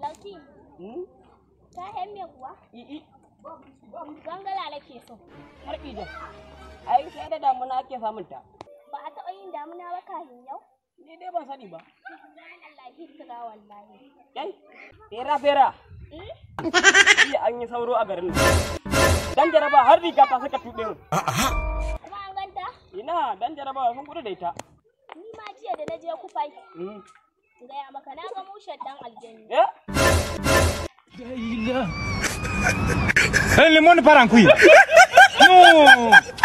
Lauki. Hmm? Kayan me kuwa? I'i. Gangala ke so. Har idan. Ai sai da damuna ake samun ta. Ba a taɓa yin damuna ba kafin yau? Ni dai ban sani ba. Kai, fera fera. Hmm? Iya an yi sauro a garin Dan jaraba har riga ta saka tuɓe mu. Kuma an ganta? Ina dan jaraba sun kudu da ita. Ni ma jiya da na je kufai. Hmm. Gaya maka na ga mushen dan aljanni. Eh? Eh, le monde part en couille.